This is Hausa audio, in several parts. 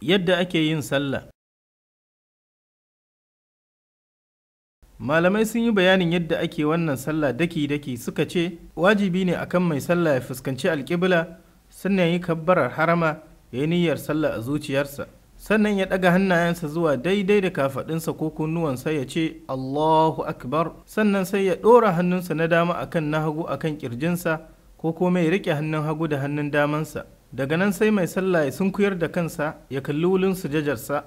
Yadda ake yin sallah Malamai sun yi bayanin yadda ake wannan sallah daki-daki suka ce, wajibi ne akan mai sallah ya fuskanci alƙibla sannan yi kabbarar harama ya yi niyyar sallah a zuciyarsa. Sannan ya ɗaga hannayensa zuwa daidai da kafaɗinsa ko kunnuwansa ya ce, Allahu Akbar, sannan sai ya ɗora hannunsa na dama akan na hagu akan ƙirjinsa ko kuma ya riƙe hannun hagu da hannun damansa. daga nan sai mai sallah ya sunkuyar da kansa ya kalli wulin sujajarsa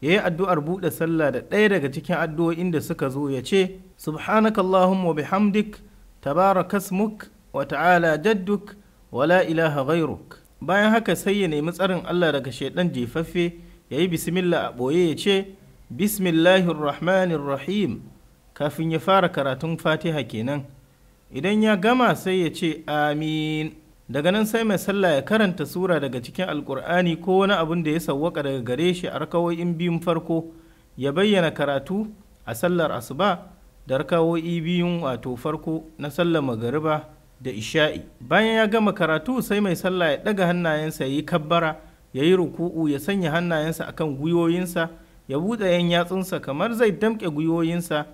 ya yi addu'ar buɗe sallah da ɗaya daga cikin addu'o'in da suka zo ya ce subhanakallahumma bihamdik tabarakasmuk wa ta'ala jadduk wa la ilaha ghairuk bayan haka sai ya nemi tsarin Allah daga shaidan jefaffe ya yi bismillah a ɓoye ya ce bismillahir rahmanir rahim kafin ya fara karatun fatiha kenan idan ya gama sai ya ce amin daga nan sai mai sallah ya karanta sura daga cikin alkur'ani ko wani abin da ya sawwaka daga gare shi a rakawoyin biyun farko ya bayyana karatu a sallar asuba da rakawoyi biyun wato farko na sallar magariba da isha'i bayan ya gama karatu sai mai sallah ya ɗaga hannayensa ya yi kabbara ya yi ruku'u ya sanya hannayensa akan gwiwoyinsa ya buɗe yan yatsunsa kamar zai damƙe gwiwoyinsa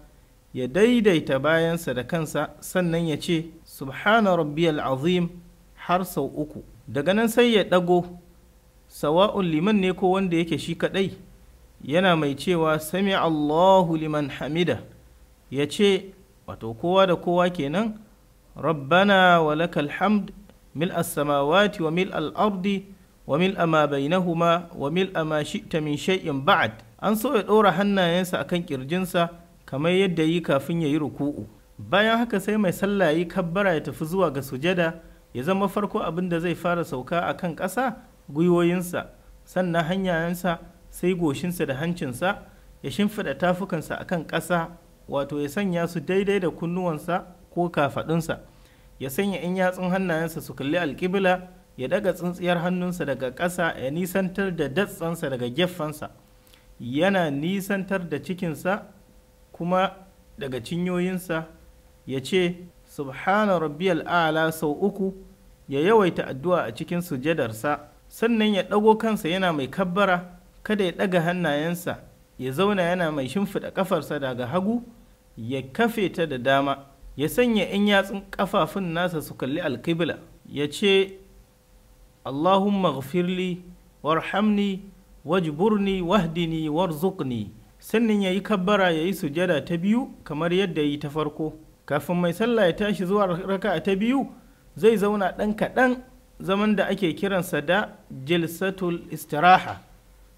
ya daidaita bayansa da kansa sannan ya ce subhana rabbiyal azim har sau uku daga nan sai ya ɗago sawa'un liman ne ko wanda yake shi kaɗai yana mai cewa sami allahu liman hamida ya ce wato kowa da kowa kenan rabbana wa lakal hamd mil samawati wa mil al'ardi wa mil ma bainahuma wa mil ma shi'ta min shay'in ba'ad an so ya ɗora hannayensa akan kirjinsa kamar yadda yi kafin ya yi ruku'u bayan haka sai mai sallah yi kabbara ya tafi zuwa ga sujada ya zama farko abin da zai fara sauka a kan ƙasa gwiwoyinsa sannan hanyayensa sai goshinsa da hancinsa ya shimfiɗa tafukansa a kan ƙasa wato ya sanya su daidai da kunnuwansa ko kafaɗunsa ya sanya in yatsun hannayensa su kalli alƙibla ya daga tsintsiyar hannunsa daga ƙasa ya nisantar da datsansa daga gefensa yana nisantar da cikinsa kuma daga cinyoyinsa ya ce subhana rabbiyal a'la sau uku ya yawaita addu'a a cikin sujadarsa sannan ya ɗago kansa yana mai kabbara kada ya ɗaga hannayensa ya zauna yana mai shimfiɗa ƙafarsa daga hagu ya kafe ta da dama ya sanya 'yan yatsun ƙafafun nasa su kalli alƙibla ya ce allahumma warhamni wajburni wahdini warzuqni sannan ya yi kabbara ya yi sujada ta biyu kamar yadda yi ta farko kafin mai sallah ya tashi zuwa raka'a ta biyu zai zauna ɗan kaɗan zaman da ake kiransa da jilsatul istiraha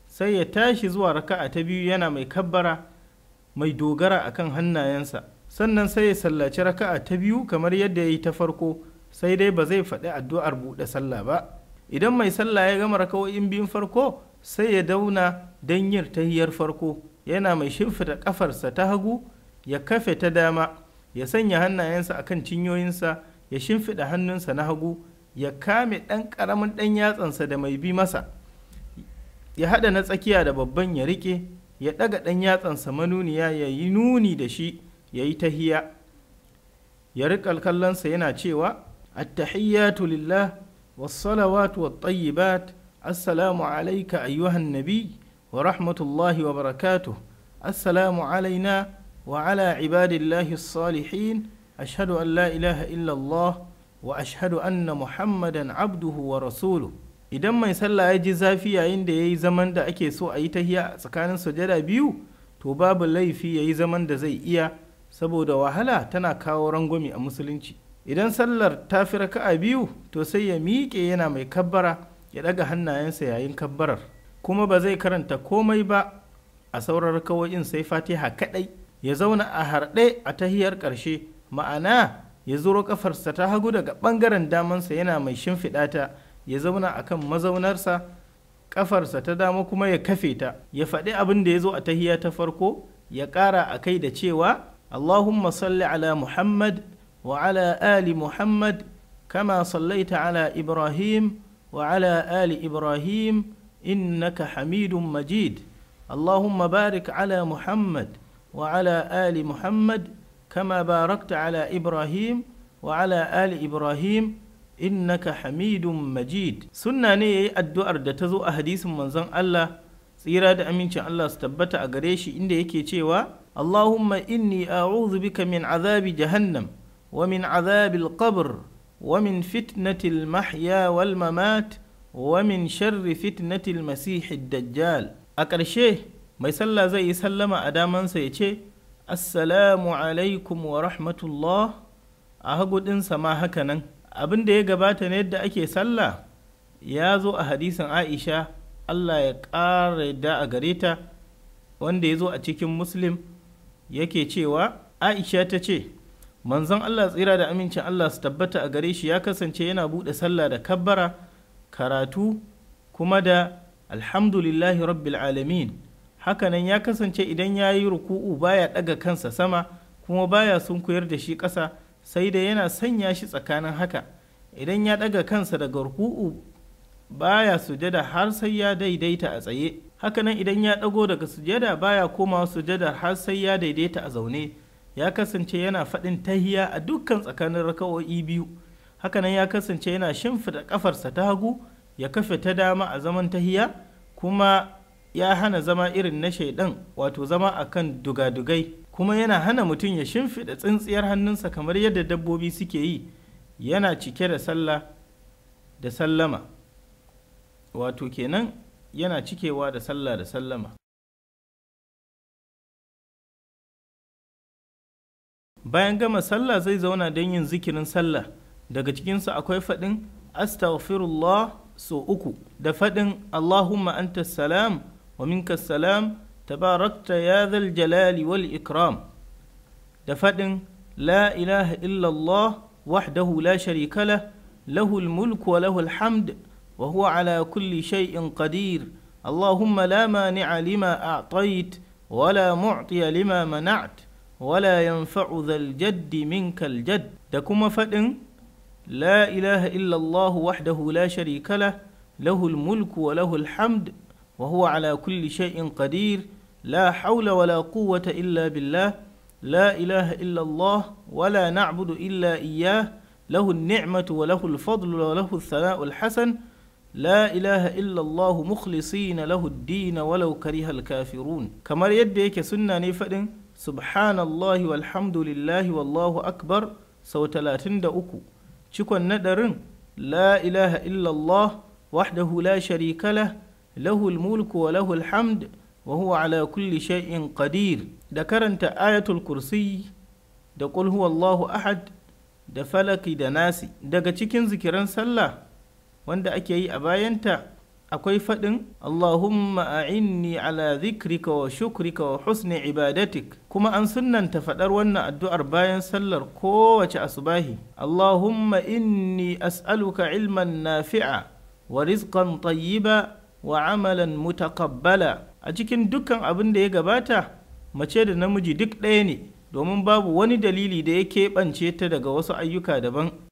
sai ya tashi zuwa raka'a ta biyu yana mai kabbara mai dogara akan hannayensa sannan sai ya sallaci raka'a ta biyu kamar yadda ya yi ta farko sai dai ba zai faɗi addu'ar buɗe sallah ba idan mai sallah ya gama raka'o'in biyun farko sai ya dauna don yin tahiyar farko yana mai shimfida ƙafarsa ta hagu ya kafe ta dama ya sanya hannayensa akan cinyoyinsa ya shimfiɗa hannunsa na hagu ya kame ɗan ƙaramin ɗan yatsansa da mai bi masa ya haɗa na tsakiya da babban ya riƙe ya ɗaga ɗan yatsansa manuniya ya yi nuni da shi ya yi tahiya ya riƙa kallonsa yana cewa attahiyyatu lillah wasalawatu wattayyibat assalamu alaika ayyuhan nabi wa rahmatullahi wa barakatu assalamu alaina وعلى عباد الله الصالحين أشهد أن لا إله إلا الله وأشهد أن محمدا عبده ورسوله idan mai sallah ya ji zafi yayin da ya yi zaman da ake so a yi tahiya tsakanin sujada biyu to babu laifi ya yi zaman da zai iya saboda wahala tana kawo rangwami a musulunci idan sallar ta fi raka'a biyu to sai ya miƙe yana mai kabbara ya ɗaga hannayensa yayin kabbarar kuma ba zai karanta komai ba a sauran kawai sai fatiha kaɗai ya zauna a harɗe a tahiyar ƙarshe ma'ana ya zuro ƙafarsa ta hagu daga ɓangaren damansa yana mai shimfiɗa ta ya zauna a kan mazaunarsa ƙafarsa ta dama kuma ya kafe ta ya faɗi abin da ya zo a tahiya ta farko ya ƙara a kai da cewa allahumma salli ala muhammad wa ala ali muhammad kama sallaita ala ibrahim wa ala ali ibrahim innaka hamidun majid allahumma barik ala muhammad وعلى آل محمد كما باركت على إبراهيم وعلى Ali Ibrahim innaka hamidun majid sunna ne ya yi addu'ar da ta zo a hadisin manzon Allah tsira da amincin Allah su tabbata a gare shi inda yake cewa Allahumma inni a'udhu bika min azabi jahannam wa min azabil qabr wa min fitnatil mahya wal mamat wa min sharri fitnatil masihid dajjal a ƙarshe mai sallah zai yi sallama a damansa ya ce assalamu alaikum wa rahmatullah a hagudinsa ma haka nan abin da ya gabata ne yadda ake sallah ya zo a hadisin aisha allah ya ƙara yadda a gare ta wanda ya zo a cikin muslim yake cewa aisha ta ce manzon allah tsira da amincin allah su tabbata a gare shi ya kasance yana buɗe sallah da kabbara karatu kuma da alhamdulillahi rabbil alamin hakanan ya kasance idan ya yi ruku'u baya daga kansa sama kuma baya sunkuyar da shi ƙasa sai dai yana sanya shi tsakanin haka idan ya daga kansa daga ruku'u baya sujada har sai ya daidaita a tsaye hakanan idan ya dago daga sujada baya komawa sujada har sai ya daidaita a zaune ya kasance yana faɗin tahiya a dukkan tsakanin raka'o'i biyu hakanan ya kasance yana shimfida ƙafarsa ta hagu ya kafe ta dama a zaman tahiya kuma ya hana zama irin na shaidan wato zama kan dugadugai kuma yana hana mutum ya shimfiɗa tsintsiyar hannunsa kamar yadda dabbobi suke yi yana cike da sallah da sallama wato kenan yana cikewa da sallah da sallama bayan gama sallah zai zauna don yin zikirin sallah daga cikinsa akwai faɗin astaghfirullah so uku da faɗin allahumma anta salam ومنك السلام تباركت يا ذا الجلال والإكرام دفدن لا إله إلا الله وحده لا شريك له له الملك وله الحمد وهو على كل شيء قدير اللهم لا مانع لما أعطيت ولا معطي لما منعت ولا ينفع ذا الجد منك الجد دكما فدن لا إله إلا الله وحده لا شريك له له الملك وله الحمد wa huwa ala kulli shay'in qadir la haula wala quwwata illa billah la ilaha illa wala na'budu illa iyyah lahu an-ni'matu wa lahu al-fadlu wa lahu ath-thana'u al la ilaha illa Allah mukhlisina lahu ad walau kariha al-kafirun kamar yadda yake sunna ne fadin subhanallahi walhamdulillahi wallahu akbar sau talatin da uku cikon nadarin la ilaha illallah wahdahu la sharika lahu lahul mulku wa lahul hamd wa huwa ala kulli shay'in qadir da karanta ayatul kursi da qul huwallahu ahad da falaki da nasi daga cikin zikiran sallah wanda ake yi a bayanta akwai faɗin Allahumma a'inni ala zikrika wa shukrika wa husni ibadatik kuma an sunnanta faɗar wannan addu'ar bayan sallar kowace asubahi Allahumma inni as'aluka ilman nafi'a wa rizqan tayyiba wa amalan mutakabbala a cikin dukkan abin da ya gabata mace da namiji duk ɗaya ne domin babu wani dalili da ya keɓance ta daga wasu ayyuka daban